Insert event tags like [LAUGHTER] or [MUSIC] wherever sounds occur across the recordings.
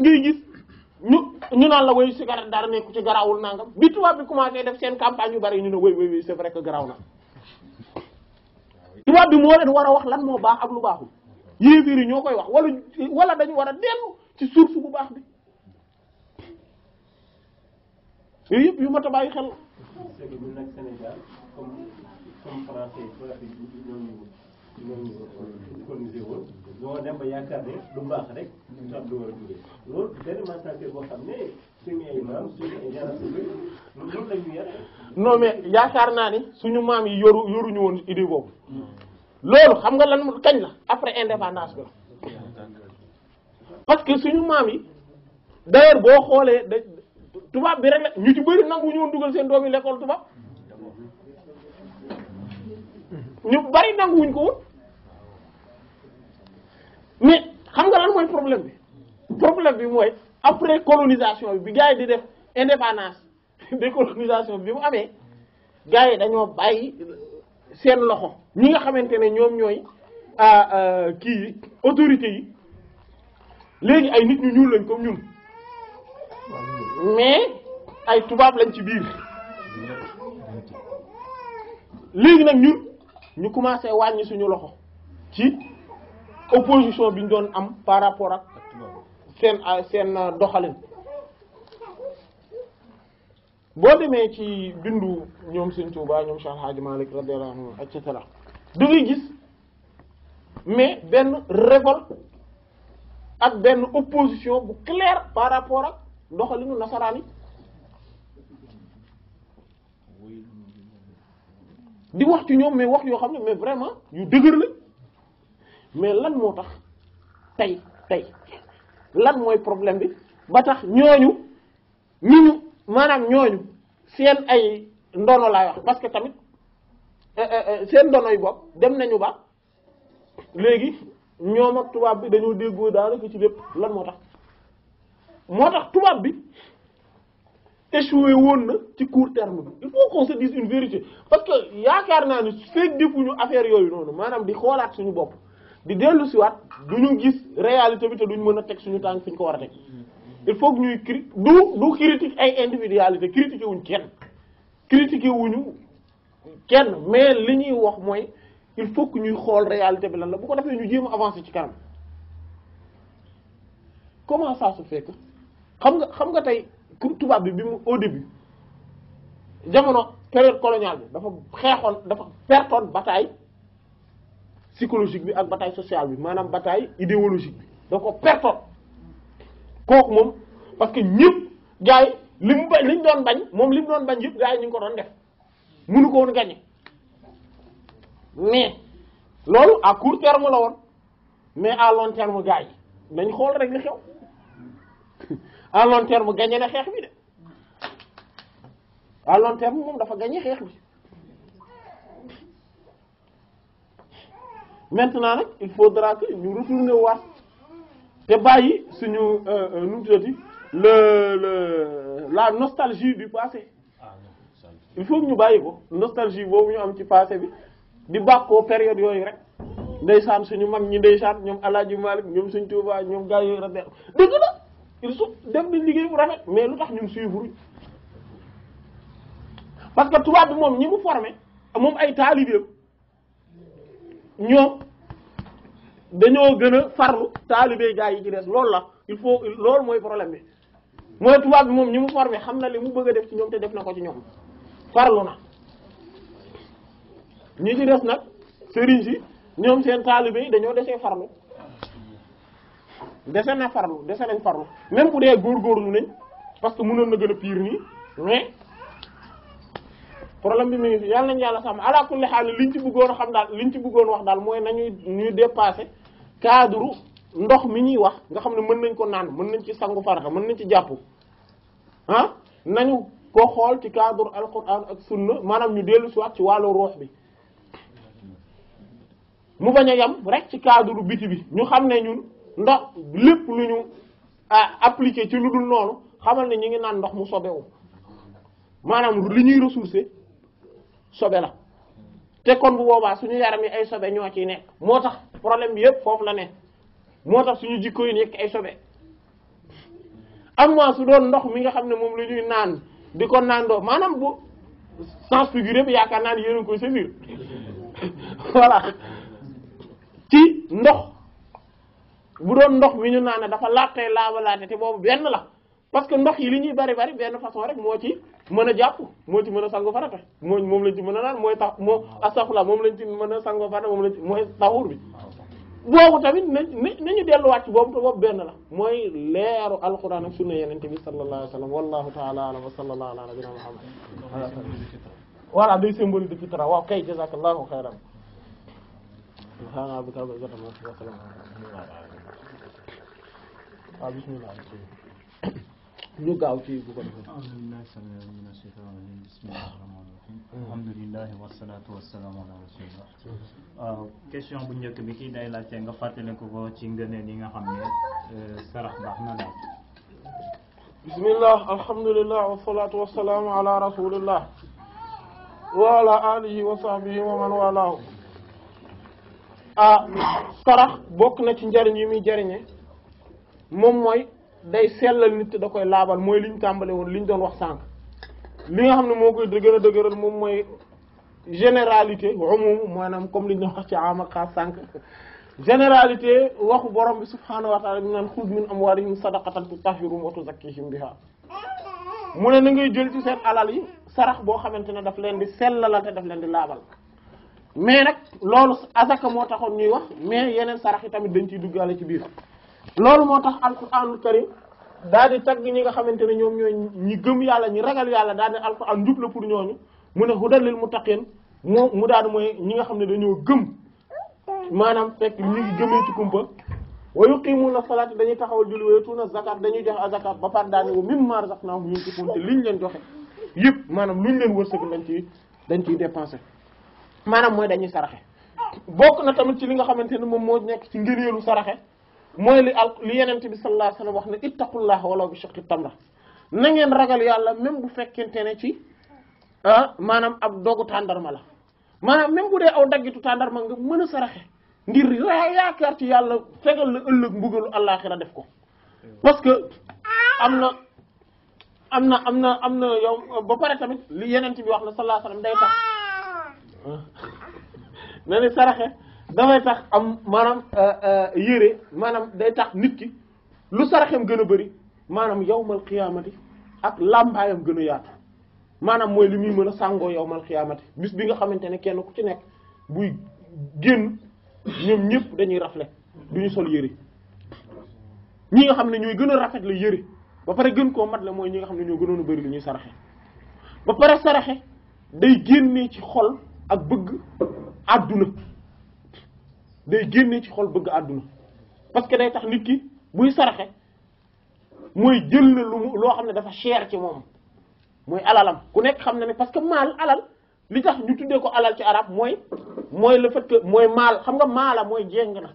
ngay gis ñu ñu naan la woy cigarette dara nekku ci garaawul nangam bi tubaab bi commencé def seen campagne yu bari ñu ne woy woy woy c'est vrai que garaaw na tubaab bi moo leen war a wax lan moo baax ak lu baaxul yéeféer yi ñoo koy wax wala wala dañu war a dellu ci source bu baax bi yooyu yëpp yu mat a bàyyi xel comme français boo dem ba yaakaar ne lu baax rek lu am lu war a jógee loolu benn mentalité boo xam ne suñu ay maam suñu ay yàlla loolu la ñu yar non mais yaakaar naa ni suñu maam yi yoru yoruñu woon idée boobu hmm. loolu xam nga lan kañ la après indépendance bi parce que suñu maam yi d'ailleurs boo xoolee da tubaab bi rek la ñu ci bëri nangu ñu dugal seen doom yi tubaab hmm. ñu bari ko woon mooy problème bi problème bi moy après colonisation bi gaay di def indépendance décolonisation [LAUGHS] bi mu amé gaay yi dañoo bàyyi loxo ñi nga xamante ne ñoom ñooy ah, ah, ki autorité yi légui ay nit ñu ñuul lañ comme ñun mais ay tubab lañ ci biir légui nak ñun ñu commencé wañu suñu loxo ci opposition biñ doon am par rapport ak sen euh, sen euh, doxalin boo demee ci bindu ñoom Sëñ Tuubaa ñoom Cheikh Hadji Malick radiyallahu anhu et cetera da ngay gis mais ben révolte ak ben opposition bu claire par rapport ak doxalinu nasarani di wax ci ñoom mais wax yo xamne mais vraiment yu deugër la mais lan motax tay tay lan moy problème bi ba tax ñooñu ni ñu maanaam ñooñu seen ay ndono laay wax parce que tamit euh euh seen ndono yi bopp dem nañu ba léegi ñoom ak tubab bi dañoo déggoo daanaka ci lépp lan motax motax tubab bi échoué won na ci court terme bi il faut qu'on se dise une vérité parce que yaakar naa ni feeg defuñu affaire yoyu nonu manam di xolaat suñu bop di dellu ci wat duñu gis réalité bi té duñu mëna a suñu tank fi ko war a il faut ñuy cri du du critique ay individualité critiquer wuñ kenn critiquer wuñu kenn mais liñuy wax moy il faut que ñuy xol réalité bi lan la bu ko defee ñu jéem avancer ci karam comment ça se fait que xam nga xam nga tay pour tubaab bi bimu au début jamono période coloniale dafa xéxon dafa pertoon bataille psychologique bi ak bataille sociale bi manam bataille idéologique bi da ko perton kok mom parce que ñepp gaay yi li ba li doon bañ mom li doon bañ yëpp gars ñu ko doon def mënu ko won gagné mais loolu à court terme la won mais à long terme gaay yi nañ xool rek li xew [LAUGHS] à long terme gagné na xex bi de à long terme mom dafa gagné xex bi maintenant nak il faudra que ñu retourner waat té bayyi suñu euh, euh, nu mu le le la nostalgie du passé ah, il faut ñu bayiko nostalgie bo ñu am ci passé bi di bako période yooyu rek ndeysaan suñu mag ñi ndeysaan ñom El malik ñom seigne suñ Touba ñoom gars yooyu rek deug la il su dem nañ liggéey bu rafet mais lutax tax ñun suivre parce que tubaab bi moom ñi mu formé mom ay talibé ñoom dañoo gën a farlu taalibe gaa yi ci des loolu la il faut lool mooy problème bi mooy tubaab bi moom ñi mu formé xam na li mu bëgg a def ci ñoom te def na ko ci ñoom farlu na ñi ci des nag sëriñ si ñoom seen taalibe yi dañoo desee farlu dese na farlu dese nañ farlu même bu dee góorgóorlu nañ parce que mënoon na gën a pire nii mais problème bi mu ngi fi yàlla nañu yàlla sàmm ala kulli xaal liñ ci bëggoon xam daal liñ ci bëggoon wax daal ndox mi ñuy wax nga xam ne mën nañ ko naan mën nañ ci sangu farata mën nañ ci jàpp ah nañu ko xool ci cadre alquran ak sunna maanaam ñu dellu si waat ci wàllu ruux bi mu bañ a yem rek ci cadre biti bi ñu xam ne ñun ndox lépp lu ñu appliqué ci lu dul noonu xamal ne ñu ngi naan ndox mu sobewu maanaam li ñuy ressourcer sobe la te kon bu boobaa suñu yaram yi ay sobe ñoo ciy nekk moo tax problème bi yëpp foofu la ne moo tax suñu jikko yi nekk ay sobe am na su doon ndox mi nga xam ne moom la ñuy naan di ko naandoo maanaam bu sens figuré bi yaakaar naa ne yéen a ngi koy [LAUGHS] ci ndox bu doon ndox mi ñu naan dafa laaj tey laabalaate te boobu benn la parce que ndox yi li ñuy bari bari benn façon rek moo ci mën a jàpp moo ci mën a sango farata moo moom lañ ci mën a naan mooy tax moo astaxfirullah moom lañ ci mën a sango farata moom lañ ci mooy taxuur bi boobu tamit na nañu delluwaat ci boobu te boobu benn la mooy leeru alquran ak sunna yenente bi sallallahu alayhi wa sallam wallahu taala alam wa sallallahu ala nabina muhammad voilà day fitra waaw kay jazakallahu xayran subhaana bika waaw bismillah ñu gaaw ci bu ko defee a'uuzu billahi samii al-aliim mina shaytaani rajiim bismillahi rahmaani rahiim alhamdulillahi wasalaatu wasalaamu ala rasulillah waaw question bu njëkk bi kii day laajte nga fàttaliku ko ci ngëneel yi nga xam ne sarax baax na daal bismillah alhamdulillah wasalaatu wasalaamu ala rasulillah wa ala alihi wa sahbihi wa man walaahu ah sarax bokk na ci njariñ yi muy jariñe moom mooy day sellal nit da koy laabal mooy liñ tàmbale woon liñ doon wax sànq li nga xam ne moo koy gën a dëgëral moom mooy généralité umum maanaam comme liñ doon wax ci am ak xaas sànq généralité waxu borom bi subhaanahu wa taala bi naan xuz min amwaalihim sadaqatan tutahhiruhum wa tuzakkihim biha mu ne na ngay jël ci seen alal yi sarax boo xamante ne daf leen di sellalal te daf leen di laabal mais rek loolu asaka moo taxoon ñuy wax mais yeneen sarax yi tamit dañ ciy duggaale ci biir loolu moo tax alquranul karim daal di tagg ñi nga xamante ne ñoom ñooy ñi gëm yàlla ñi ragal yàlla daal di alquran njub la pour ñooñu mu ne hudan lil muttaqin moo mu daal mooy ñi nga xam ne dañoo gëm maanaam fekk ñi ngi gëmee ci kumpa wa yuqimuuna salaata dañuy taxawal julli wa yutuuna zakat dañuy joxe azakat ba par daane wa mimmaa razaqnaahum yunfiquun te liñ leen joxe yëpp maanaam luñ leen wërsëg dañ ciy dañ ciy dépensé maanaam mooy dañuy saraxe bokk na tamit ci li nga xamante ne moom moo nekk ci ngëneelu saraxe mooy li al li yenente bi sallallahu alayhi wasallam wax ne ittaqullaha walaw bi shiqqi tamra na ngeen ragal yàlla mem bu fekkente ne ci ah maanaam ab dogu tàndarma la maanaam même bu dee aw daggitu tàndarma nga mën a saraxe ngir yaakaar ci yàlla fegal la ëllëg mbugalu àllaaxira def ko parce que am na am na am na am na yow ba pare tamit li yeneen yenente bi wax ne sallallahu alayhi wasallam day tax ah. [LAUGHS] na saraxe dafay tax am maanaam euh, euh, yére maanaam day tax nit ki lu saraxem gën a bari maanaam yawmal xiyaamati ak làmbaayam gën a yaatu maanaam mooy li muy mën a sàngoo yawmal xiyaamati bis bi nga xamante ne kenn ku ci nekk buy génn ñoom ñëpp dañuy rafle duñu sol yére ñi nga xam ne ñooy gën a rafet la yére ba pare gën koo mat la mooy ñi nga xam ne ñoo gënoon a bëri lu ñuy saraxe ba pare saraxe day génnee ci xol ak bëgg àdduna day génne ci xol bëgg àdduna parce que day tax nit ki buy saraxe mooy jël na lu loo xam ne dafa cher ci moom mooy alalam ku nekk xam na ne parce que maal alal li tax ñu tuddee ko alal ci arab mooy mooy le fait que mooy maal xam nga maala mooy jéng na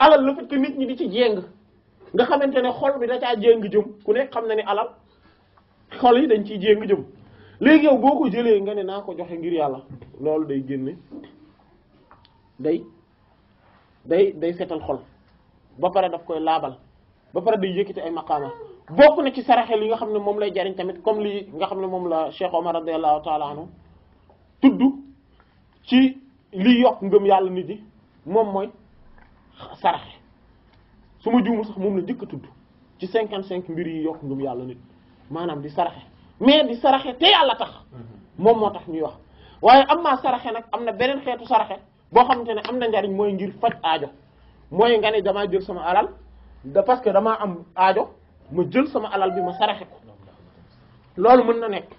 alal le fait que nit ñi di ci jéng nga xamante ne xol bi da caa jéng jëm ku nekk xam na ni alal xol yi dañ ciy jéng jëm léegi yow boo ko jëlee nga ne naa ko joxe ngir yàlla loolu day génne day day day setal xol ba pare daf koy label ba pare day yekiti ay maqama bokku na ci saraxe li nga xamné mom lay jariñ tamit comme li nga xamné mom la Cheikh Omar radiyallahu taala anu tuddu ci li yok ngëm yàlla nit yi mom moy saraxe suma ma sax mom la njëkk tuddu ci 55 mbir yi yok ngëm yàlla nit manam di saraxe mais di saraxe te yàlla tax mom motax ñuy wax waye amma saraxe nak amna benen beneen xeetu saraxe boo xamante ne am na njariñ mooy ngir faj aajo mooy nga ne damaa jël sama alal da parce que damaa am aajo ma jël sama alal bi ma saraxe ko loolu mën na nekk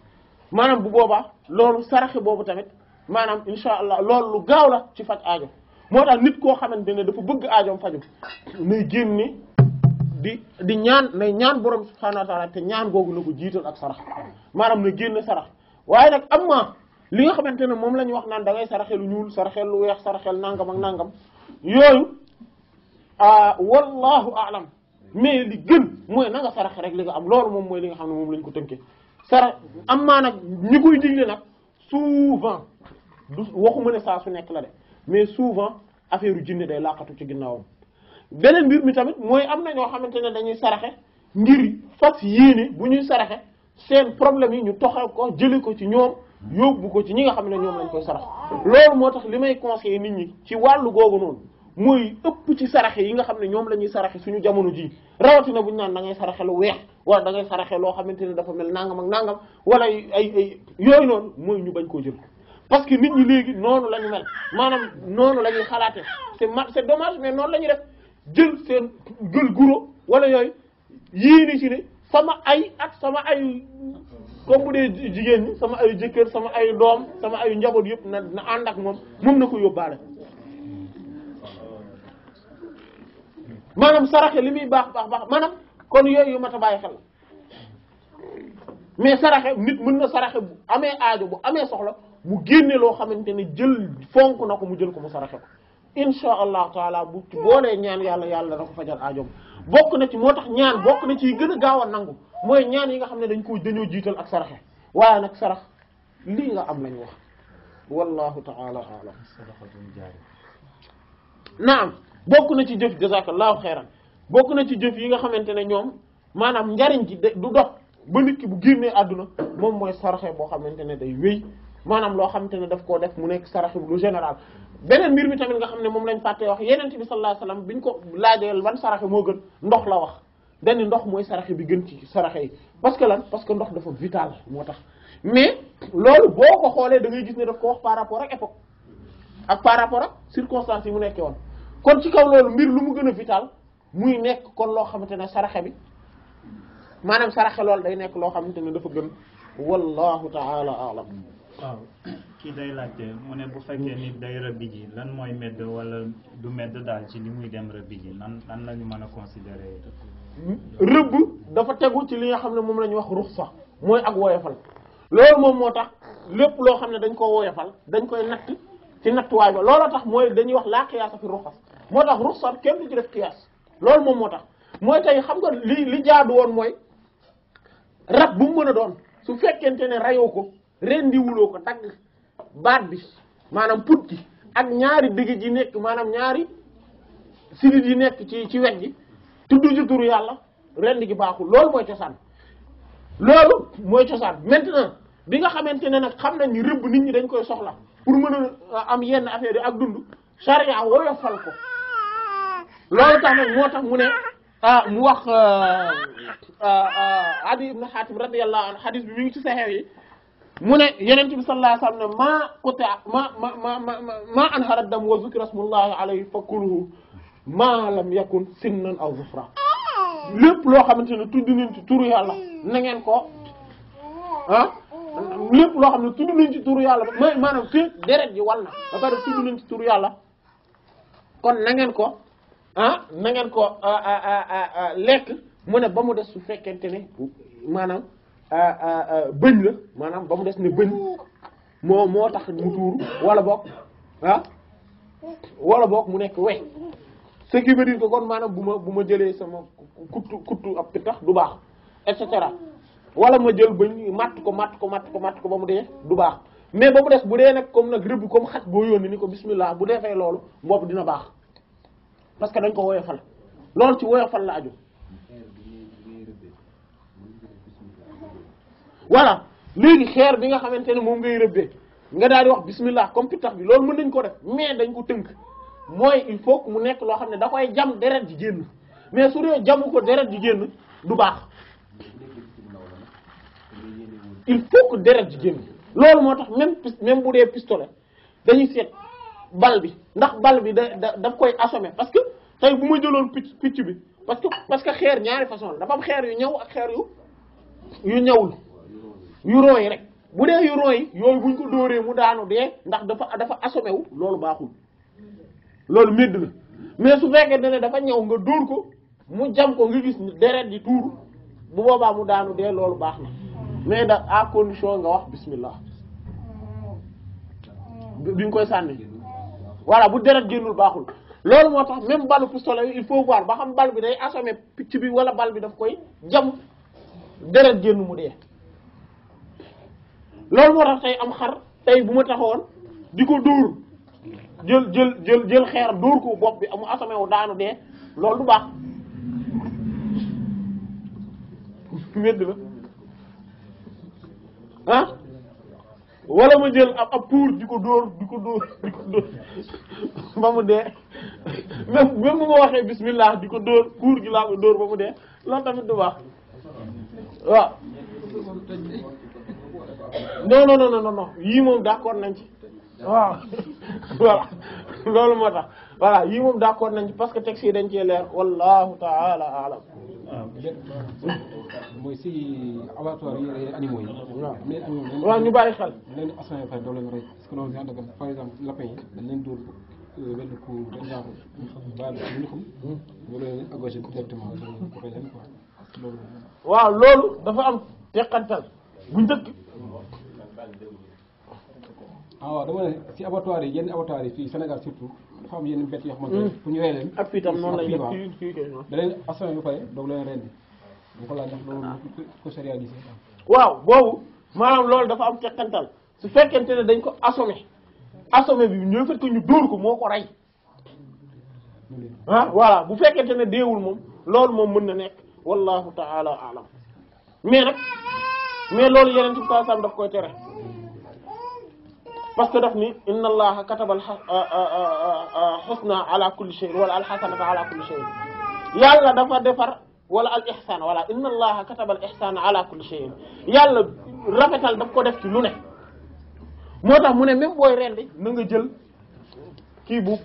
maanaam bu boobaa loolu saraxe boobu tamit maanaam insha allah loolu lu gaaw la ci faj aajo moo tax nit koo xamante ne dafa bëgg aajoom faju nuy génne di di ñaan nay ñaan borom subhanahu wa taala te ñaan googu na ko jiital ak sarax maanaam na génne sarax waaye nag am li nga xamante ne moom la ñu wax naan da ngay saraxelu ñuul saraxelu weex saraxel nangam nangam yooyu ah wallahu alam mais li gën mooy na nga rek li nga am loolu moom mooy li nga xam ne moom la ko tënkee sarax am maa nag ñi koy nag souvent du waxuma ne saa su nekk la de mais souvent affaire yu jinne day laqatu ci ginnaawam beneen mbir mi tamit mooy am na ñoo xamante ne dañuy saraxe ngir fas yéene bu ñuy saraxe seen problème yi ñu toxal ko jële ko ci ñoom yóbbu ko ci ñi nga xam ne ñoom lañ koy sarax loolu moo tax li may conseiller nit ñi ci wàllu googu noonu mooy ëpp ci saraxe yi nga xam ne ñoom la ñuy saraxe suñu jamono jii rawatina bu ñu naan da ngay saraxe lu weex wala da ngay saraxe loo xamante ne dafa mel nangam ak nangam wala ay ay yooyu noonu mooy ñu bañ koo jël parce que nit ñi léegi noonu la ñu maanaam noonu la ñuy xalaate c'est c'est dommage mais noonu la ñuy def jël seen jël guro wala yooyu yéene ci ne sama ay ak sama ay comme bu dee jigéen ñi sama ay jëkkër sama ay doom sama ayu njaboot yëpp na na ànd ak moom mën na ko yóbbaale maanaam saraxe li muy baax baax baax maanaam kon yooyu yu mat a bàyyi xel mais saraxe nit mën na saraxe bu amee aajo bu amee soxla mu génne loo xamante ne jël fonk na ko mu jël ko mu saraxe ko insha allahu taala bu ci boolee ñaan yàlla yàlla dana ko fajal bokk na ci moo tax ñaan bokk na ci gën a gaaw a nangu mooy ñaan yi nga xam ne dañ koy dañoo jiital ak saraxe waaye nag sarax lii nga am lañu wax wallahu taala alam naam bokk na ci jëf jazakallahu xayran bokk na ci jëf yi nga xamante ne ñoom maanaam njariñ ci du dox ba nit ki bu génnee àdduna moom mooy saraxe boo xamante ne day wéy maanaam loo xamante ne daf koo def mu nekk bi lu général beneen mbir mi tamit nga xam ne moom lañ fàtte wax yeneen bi sallallahu alayhi wasallam biñ ko laajee ban saraxe moo gën ndox la wax dañ ndox mooy saraxe bi gën ci saraxe parce que lan parce que ndox dafa vital moo tax mais loolu boo ko xoolee da ngay gis ne daf ko par rapport ak époque par rapport ak circonstances yi mu nekkee woon kon ci kaw loolu mbir lu mu gën a vital muy nekk kon loo xamante ne saraxe bi maanaam saraxe loolu day nekk loo xamante ne dafa gën wallahu taala alam waaw [COUGHS] kii day laajte mu ne bu fekkee nit day rëbbi ji lan mooy medd wala du medd daal ci li muy dem rëbbi ji nan nan la ñu mën a considérer. rëbb dafa tegu ci li nga xam ne moom lañuy ñu wax ruxsa mooy ak woyofal loolu moom moo tax lépp loo xam ne dañ ko woyofal dañ koy natt ci nattuwaay ba looloo tax mooy dañuy wax laa qiyaasa fi ruxas moo tax ruxsa kenn du ci def qiyaas loolu moom moo tax mooy tey xam nga li li jaadu woon mooy rab bu mu doon su fekkente ne rayoo ko. rendi wuloo ko dagg baat bi maanaam put gi ak ñaari digg ji nekk maanaam ñaari sidit yi nekk ci ci wet gi tudd ci turu yàlla rendi gi baaxul loolu mooy cosaan loolu mooy cosaan maintenant bi nga xamante ne nag xam nañ ni rëbb nit ñi dañ koy soxla pour mën am yenn affaire yi ak dund charia woyofal ko loolu tax moo tax mu ne ah, mu wax euh, euh, euh, Adi ibn Hatim radiyallahu anhu hadis bi mi ngi ci saxeew yi mu ne yeneen bi sallallahu alayhi wa sallam ne maa côté ma ma ma ma maa anhara dam wa zikra smullahi alayhi fa kuluhu maa lam yakun sinnan aw zufra lépp loo xamante ne tudd nañ ci turu yàlla na ko ah lépp loo xam ne tudd nañ turu yàlla ma maanaam fii deret ji wal na ba pare tudd nañ ci turu yàlla kon na ngeen ko ah, na ngeen ko ah, ah, lekk mu ne ba mu des su fekkente ne maanaam Euh, euh, euh, bëñ la maanaam ba mu des ne bëñ moo moo tax mu tuuru wala boog ah wala boog mu nekk we ce qui veut dire que kon maanaam bu ma bu ma jëlee sama kuttu kuttu ab pitax du baax et cetera wala ma jël bëñ matt ko matt ko matt ko matt ko ba mu dee du baax mais ba mu des bu dee nag comme nag rëbb comme xaj boo yónni ni ko bismillah bu defee loolu mbopp dina baax parce que dañ ko woyofal loolu ci fal la aju voilà léegi xeer bi nga xamante ne moom ngay rëbbee nga daal di wax bismillah comme pitax bi loolu mën nañ ko def mais dañ ko tënk mooy il faut que mu nekk loo xam ne da koy jam deret ji génn mais su dee jamu ko deret ji génn du baax il faut que deret ji moo tax même même bu dee pistolet dañuy seet bal bi ndax bal bi da da daf koy assommer parce que tey bu ma jëloon picc picc bi parce que parce que xeer ñaari façon la dafa xeer yu ñëw ak xeer yu ñawul yu rooy rek bu dee yu rooy yooyu buñ ko dóoree mu daanu dee ndax dafa dafa assommé wu loolu baaxul loolu médd la mais su fekkee ne dafa ñëw nga dóor ko mu jam ko nga gis deret di tuur bu boobaa mu daanu dee loolu baax na mais da à condition nga wax bismillah bi nga koy sànni voilà bu deret génnul baaxul loolu moo tax même balu pistolet yi il faut voir ba xam bal bi day assommé picc bi wala bal bi daf koy jam deret génn mu dee loolu moo tax tey am xar tey bu ma taxawoon di ko dóor jël jël jël jël xeer dóor ko bopp bi mu asame wu daanu dee loolu du baax wedd la ah wala ma jël ab ab puur di ko dóor di ko dóor di ko dóor ba mu dee même même bu ma waxee bismillah di ko dóor puur gi laa ko dóor ba mu dee loolu tamit du baax waaw non non non non non yii moom d'accord nañ ci waaw [LAUGHS] voilà loolu moo tax voilà yii moom d'accord nañ ci parce que texte yi dañ cee leer wallahu taala alam euh, mooy si abattoir yi animaux yi. waaw ñu bàyyi xel. leen askan wi fay doo leen rey parce que loolu dañ ko par exemple lapin yi dañ leen dóor euh, benn coup benn jaaxul. baal ñu xam loolu hmm. leen agogé directement loolu waaw loolu dafa am teqantal bu njëkk. ah waaw dama ne si abattoir yi yenn abattoir yi fii Sénégal surtout dafa am yenn bett yoo xamante ne pour hmm. ñu rey leen ak fii tam noonu def fii da leen assommé ba pare doog loolu ah. boobu maanaam loolu dafa am tekkantal su fekkente ne dañ ko assommé assommé bi ñooy fekk ñu dóor ko moo ko rey ah bu fekkente ne déwul moom loolu moom mën na nekk wallahu taala alam mais nag mais loolu yeneen ci saa daf koy tere parce que daf ni inna allaha kataba al husna ala kulli shay wala al hasanata ala kulli shay yàlla dafa defar wala al ihsan wala inna allaha kataba al ihsan ala kulli shay yàlla rafetal daf ko def ci lu ne moo tax mu ne même booy rendi na nga jël kii bu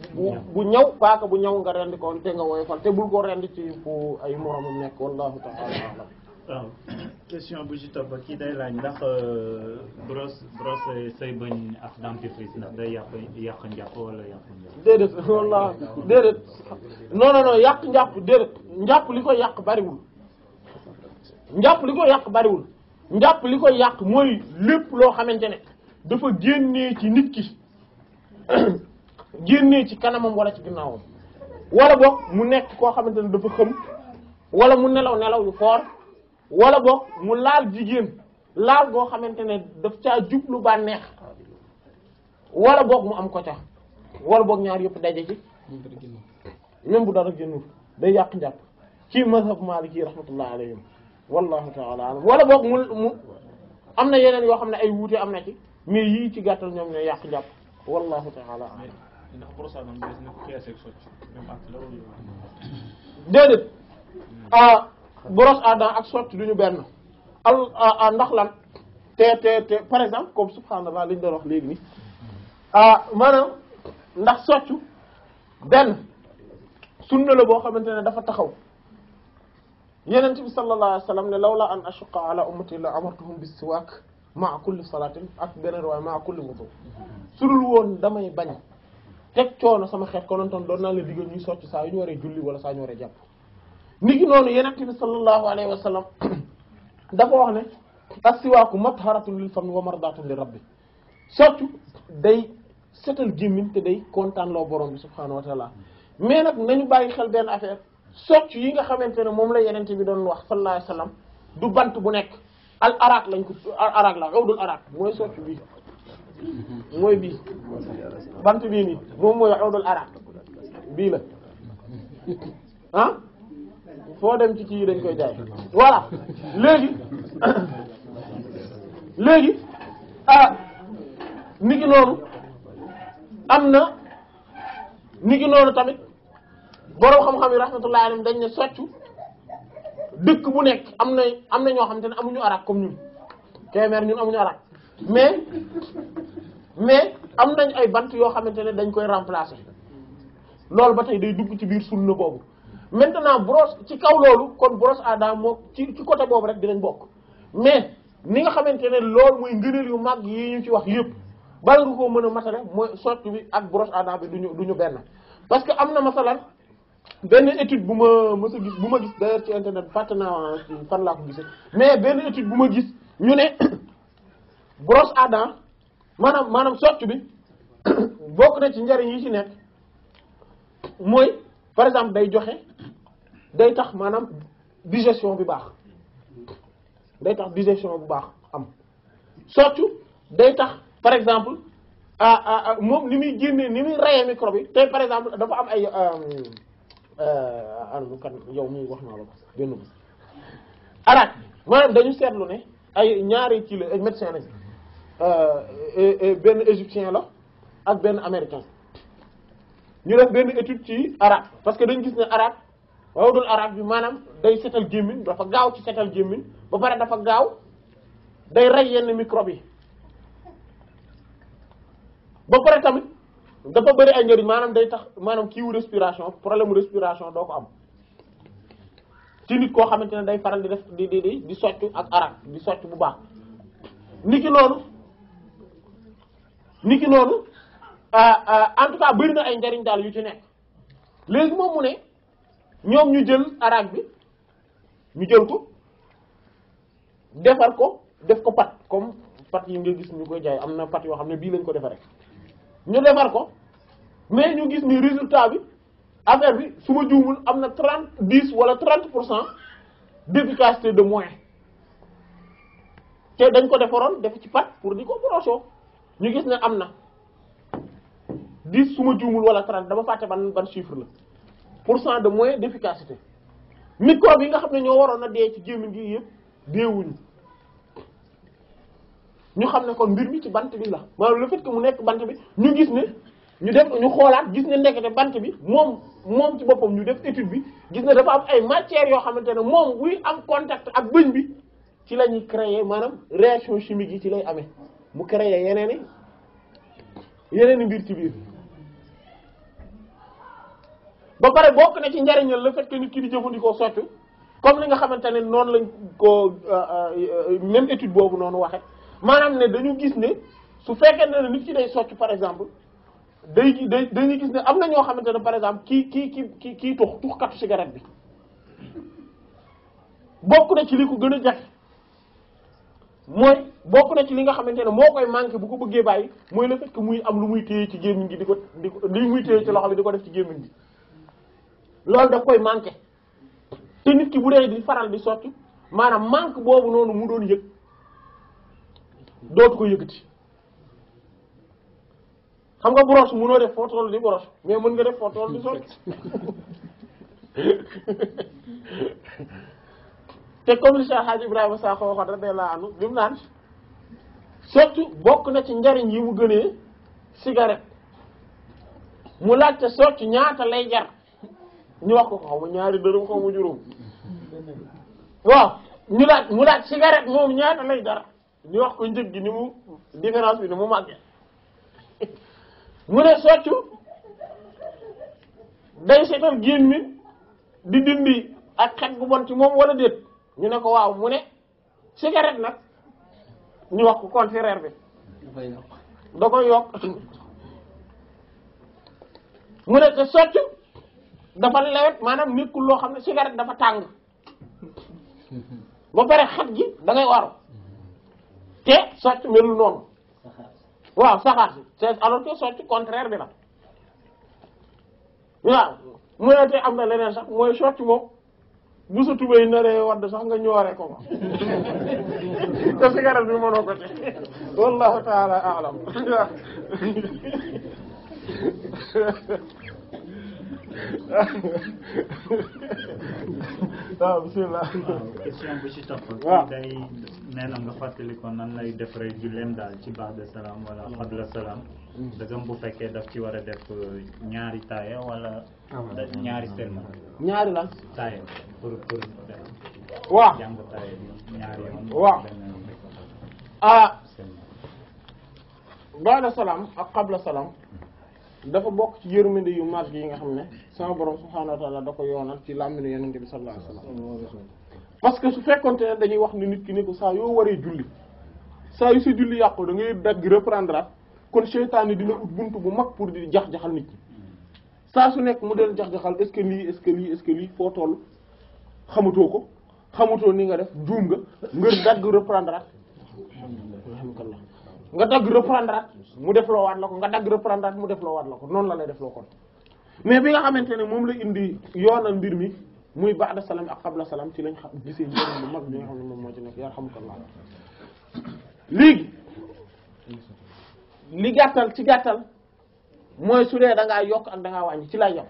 bu ñaw paaka bu ñaw nga rendi ko te nga woyofal te bul ko rendi ci fu ay moromam nekk wallahu ta'ala a'lam question bu ci top ki day lañ ndax euh, brosse brosse say bañ ak dentifrice ndax day yàq yàq ndiap wala yàq dedet wallah dedet non non non yàq ndiap dedet ndiap liko ko bari wul ndiap liko ko bari wul ndiap liko ko moy lepp lo xamantene dafa genné ci nit ki genné ci kanamam wala ci ginnaawam wala bok mu nek ko xamantene dafa xam wala mu nelaw nelaw yu fort wala boog mu laal jigéen laal goo xamante ne daf caa jublu bànneex wala boog mu am ko ca wala boog ñaar yëpp daje ci même bu dara génnul day yàq njàpp ci mazhab maliki rahmatullah alayhim wallahu taala alam wala boog mu mu am na yeneen yoo xam ne ay wuute am na ci mais yi ci gàttal ñoom ñooy yàq njàpp wallahu taala alam déedéet ah brosse à dents ak sotti du ñu benn al ndax lan te te te par exemple comme subhanallah li ñu doon wax léegi nii ah maanaam ndax soccu benn sun la boo xamante ne dafa taxaw yenent bi sallallahu lawla an ashuqqa ala ummati la amartuhum bis siwaak maa kulli salaatin ak beneen waaye maa kulli wudu sudul woon damay bañ teg coono sama xeet konontoon doon naa la diggal ñuy soccu saa yu ñu waree julli wala saa ñu waree jàpp ni gi noonu yonent bi sallallahu alayhi wa sallam dafa wax ne asiwaaku matharatun lil fami wa mardatun li rabbi surtout day setal gémmiñ te day kontaan loo borom bi subhanahu wa taala mais nag nañu bàyyi xel benn affaire surtout yi nga xamante ne moom la yonent bi doon wax sallallahu alayhi wa sallam du bant bu nekk al arak lañ ko arak la udul arak mooy soccu bi mooy bii bant bii nii moom mooy udul arak bii la ah foo dem ci kii dañ koy jaay voilà léegi léegi ah niki noonu am na niki noonu tamit boroom xam-xam yi rahmatullahi alayhim dañ ne soccu dëkk bu nekk am na am na ñoo xamante ne amuñu arak comme ñun Kébémer ñun amuñu arak mais mais am nañ ay bant yoo xamante ne dañ koy remplacer loolu ba tey day dugg ci biir sunna boobu maintenant brosse ci kaw loolu kon brosse à dents moom ci ci côté boobu rek dinañ bokk mais ni nga xamante ne loolu mooy ngëneel yu mag yi ñu ci wax yëpp bala nga koo mën a matale mooy sotti bi ak brosse à dents bi du ñu benn parce que am na masalan benn étude bu ma mës a bu ma ci internet fàtte naa fan laa ko gisee mais benn étude bu ma gis ñu ne [COUGHS] brosse à dents maanaam maanaam sotti bi [COUGHS] bokk na ci njariñ yi ci nekk mooy par exemple day joxe day tax digestion bi baax day tax digestion bu am surtout day tax par exemple ah qui mom muy microbe par exemple dafa am ay euh, euh, anu kan yow muy wax dañu ne ay ñaari médecin euh, égyptien la ak américain ñu def benn étude ci arab parce que dañ gis ne arab wawdul arab bi maanaam day setal gémmiñ dafa gaaw ci setal gémmiñ ba pare dafa gaaw day rey yenn microbe yi ba pare tamit dafa bëri ay njëriñ maanaam day tax maanaam kiiwu respiration problème respiration doo ko am ci nit koo xamante ne day faral di def di di di soccu ak arab di soccu bu baax niki noonu niki noonu Euh, euh, en tout cas bëri na ay njariñ daal yu ci nekk léegi moom mu ne ñoom ñu jël araak bi ñu jël ko defar ko def ko pat comme pat yi nga gis ñu koy jaay am pat yoo xam ne lañ ko defaree ñu defar ko mais ñu gis ni résultat bi affaire bi su ma juumul am na wala 30% pour cent d'efficacité de moins te dañ ko defaroon def ci pat pour di ko ñu gis ne am dix su ma juumul wala trente dama fàtte ban ban chiffre la pour cent de mooy d'efficacité microbe yi nga xam ne ñoo waroon a dee ci gémmiñ gi yëpp deewuñu ñu xam ne ko mbir mi ci bant bi la maanaam le fait mu nekk bant bi ñu gis ne ñu def ñu xoolaat gis ne ndekete bant bi moom moom ci boppam ñu def étude bi gis ne dafa am ay matière yoo xamante ne moom wuy am contact ak bëñ bi ci lañuy ñuy créer maanaam réaction chimique yi ci lay amee mu créer yeneen yeneen i mbir ci ba pare bokk na ci njariñal la fait que nit ki di jëfandikoo soccu comme li nga xamante ne noonu lañ ko euh, euh, même étude boobu noonu waxe maanaam ne dañu gis ne su fekkee ne nit ki day soccu par exemple day day dañuy gis ne am na ñoo xamante ne par exemple kii kii kii kii kii tux tuxkatu garab bi bokk na ci li ko gën a jafe mooy bokk na ci li nga xamante ne moo koy manqué bu ko bëggee bàyyi mooy le fait que muy am lu muy téye ci gémmiñ gi di ko di ko li muy ci loxo bi di ko def ci gémmiñ gi loolu da koy manqué te nit ki bu dee di faral di sotti maanaam manque boobu noonu mu doon yëg dootu ko yëgati xam nga brosse mënoo de foo toll di brosse mais mën nga def foo toll di sotti [LAUGHS] te comme li Cheikh Hadji Ibrahima Sakho waxoon radiyallahu anhu bi mu naan surtout bokk na ci njariñ yi mu gënee cigarette mu laajte sotti ñaata lay jar ñu wax ko xaw ma ñaari dërëm xaw ma juróom waaw ñu laaj mu laaj cigarette moom ñaata lay dara ñu wax ko njëg gi ni mu différence bi ni mu màggee mu ne soccu day seetal génn di dindi ak xet gu bon ci moom wala déet ñu ne ko waaw mu ne cigarette na ñu wax ko contraire bi da koy mu ne te soccu dafa lewet maanaam nekkul loo xam ne cigarette dafa tàng ba pare xat gi da ngay waru te socc melul noonu waaw saxaar si c'est alors que socc contraire bi la waaw mu ne am na leneen sax mooy socc moom bu sa tubéy naree wadd sax nga ñoore ko ma [LAUGHS] te cigarette bi mënoo ko te wallahu taala alam [LAUGHS] waaw bisimilah. waaw ah, ci topp. waaw day nee na nga fàttali ko nan lay def rek julleem daal ci baax de salaam wala mm. xabla salaam. Mm. dëggam bu fekkee daf ci war a def euh, ñaari taaya wala. Ah, ñaari selma. ñaari lan. taaya pour pour. waaw jàng taaya bi ñaari yoon. waaw ah. salaam ak xabla salaam. Mm. dafa bok ci yërmande yu mag yi nga xamne sama borom subhanahu wa taala dako yonal ci lamine yonent bi sallallahu alayhi wasallam parce que su fekkonté dañuy wax ni nit ki ni ko saa yoo waree julli sa yu su julli yàqu da ngay dag reprendre kon shaytan ni dina ut buntu bu mag pour di jax-jaxal nit ki sa su nek mu del jax-jaxal est-ce que lii est-ce que lii est-ce que lii fo toll xamuto ko xamuto ni nga def juum nga ngeur dag reprendre alhamdulillah nga dag reprendre rat mu def lo wat lako nga dag reprendre rat mu def lo wat lako non la lay def loo kon mais bi nga xamantene mom la indi yoonal mbir mi muy ba'da salam ak qabla salam ci lañ xam gisee ñu lu mag bi nga xam ne moom moo ci nekk yarhamukallah ya lig li gàttal ci gàttal moy su dee da nga yok ak da nga wañ ci lay yok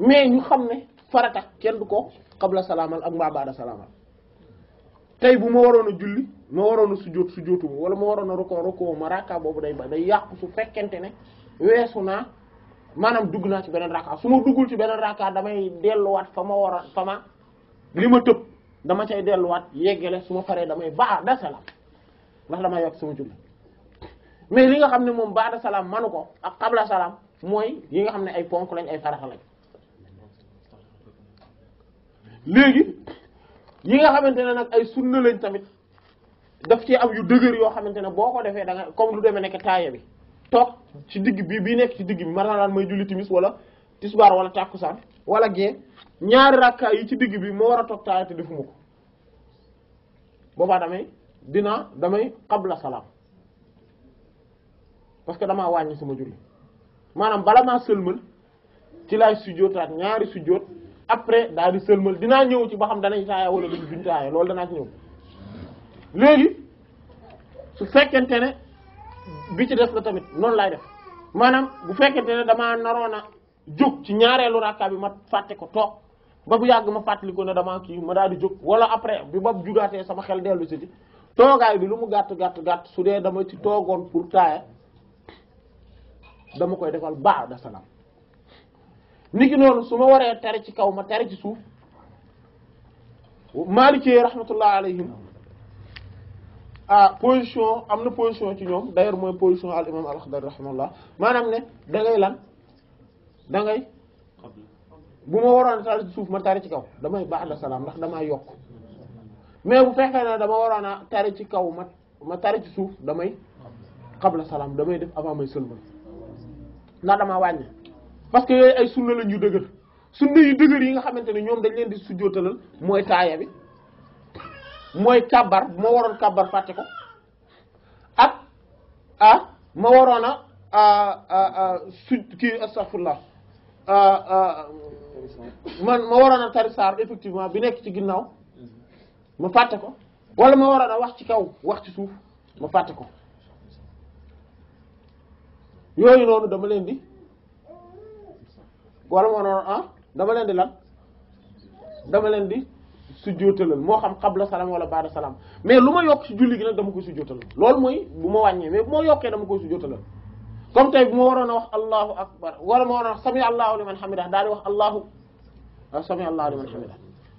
mais ñu xam ne farata kenn du ko qabla salaamal ak ba'da salaamal tay bu mo warono julli mo warono a sujjóot wala mo warono roko roko maraka bobu day ba day yàqu su fekente ne wessuna manam maanaam ci benen raka su ma duggul ci benen raka damay delu wat fama war fama lima tepp li ma tëb dama juli, delluwaat yeggale su ma salam, damay ba da salam, ndax dama yok suma julli mais li nga xamne mom ba da salam manuko ak qabla salam moy yi nga xamne ay ponk lañ ay farax lañ legui yi nga xamante ne nag ay sunna lañ tamit daf ci am yu dëgër yoo xamante ne boo ko defee da nga comme lu demee nekk taaya bi toog ci digg bi bii nekk ci digg bi ma maanaam mooy julli timis wala tisbaar wala tàkkusaan wala gee ñaari rakka yi ci digg bi moo war a toog taaya te defuma ko boobaa damay dina damay qabla salaam parce que damaa wàññi sama julli maanaam bala maa sëlmal ci laay sujjootaat ñaari sujjoot après daal di sëlmal dinaa ñëw ci ba xam danañ taaya wala duñ duñ taaya loolu danaa ci ñëw léegi su fekkente ne bi ci def la tamit noonu laay def maanaam bu fekkente ne damaa naroon a jóg ci ñaareelu rakka bi ma fàtte ko toog ba bu yàgg ma fàttali ko ne damaa kii ma daal di jóg wala après bi ma jugaatee sama xel dellu si ci toogaay bi lu mu gàtt gàtt gàtt su dee dama ci toogoon pour taaya dama koy defal baax da salaam niki noonu su ma waree tari ci kaw ma tari ci suuf Maliki rahmatullah alayhim ah position am na position ci ñoom d'ailleurs mooy position al imam al-Akhdari rahmatullah maanaam ne da lan da ngay bu ma waroon a tari ci suuf ma tari ci kaw damay ba'da salaam ndax damaa yokk mais bu fekkee ne dama waroon a tari ci kaw ma ma tari ci suuf damay la salaam damay def avant may sëlmal ndax damaa wàññi. parce que yooyu ay sunna lañ yu dëgër sunna yu dëgër yi nga xamante ne ñoom dañ leen di sujjootalal mooy taaya bi mooy kàbbar ma waroon kàbbar fàtte ko ak moo waroon a su kii astaghfirullah man ma waroon a tari effectivement bi nekk ci ginnaaw ma fàtte ko wala ma waroon a wax ci kaw wax ci suuf ma fàtte ko yooyu noonu dama leen di wala ma noonu ah dama leen di lan dama leen di sujjóotalal moo xam qabla salaam wala baada salaam mais lu ma yokk ci julli gi nag dama koy sujjóotalal loolu mooy bu ma wàññee mais bu ma yokkee dama koy sujjóotalal comme tey bu ma waroon a wax allahu akbar wala ma waroon a wax sami allahu liman hamidah daal di wax allahu sami allahu liman hamidah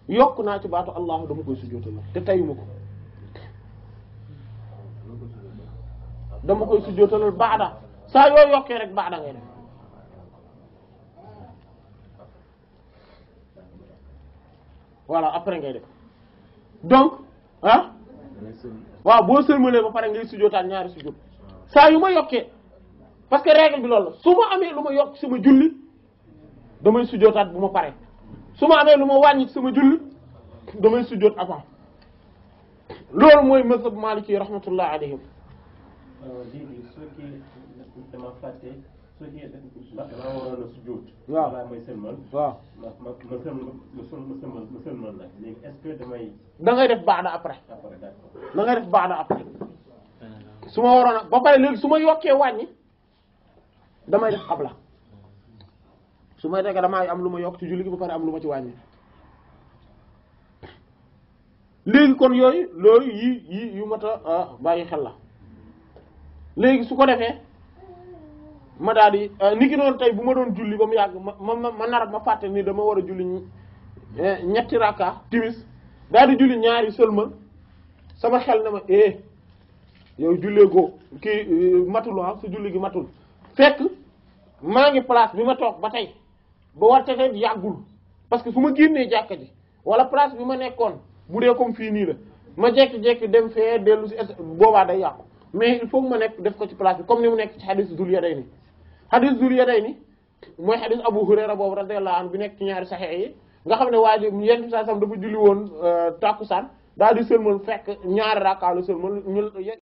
yokk naa ci baatu allahu dama koy sujjóotalal te tayuma ko dama koy sujjóotalal baada saa yoo yokkee rek baada ngay def voilà après ngay def donc ah waaw boo sërmalee ba pare ngay sujootaat ñaari sujoot saa yu ma yokkee parce que règle bi loolu su ma amee lu ma yokk sama julli damay sujootaat bu ma pare su ma amee lu ma wàññi sama julli damay sujoot avant loolu mooy mazhab Maliki rahmatullah alayhim euh, dama fàtte waaw waaw. da ngay def baax na après. da ngay def baax na après. su ma waroon a ba pare léegi su ma yokkee wàññi damay def xabla su may def damay am lu ma yokk ci julli gi ba pare am lu ma ci wàññi. léegi kon yooyu loolu yii yii yu mat ah, bàyyi xel la léegi su ko defee. ma daal di euh, ni ki noonu tey bu ma doon julli ba mu yàgg ma ma ma nar ma fàtte ni dama war a julli eh, ñetti rakka timis daal di julli ñaari sëlmal sama xel na ma eh yow jullee goo kii euh, matul ah, su julli gi matul fekk maa ngi place bi ma toog ba tey ba war te tey yàggul parce que su ma génnee jàkka ji wala place bi ma nekkoon bu dee comme fii nii la ma jekki-jekki dem fee dellu si boobaa day yàqu mais il faut ma nekk def ko ci place bi comme ni mu nekk ci xadiis dul ya xadis Zul Yadayni mooy xadis Abu Hurayra boobu radiyallahu anhu bi nekk ci ñaari saxee yi nga xam ne waa ji yéen ci saa sam dafa julli woon euh, tàkkusaan daal di sëlmal fekk ñaari rakkaa la sëlmal ñu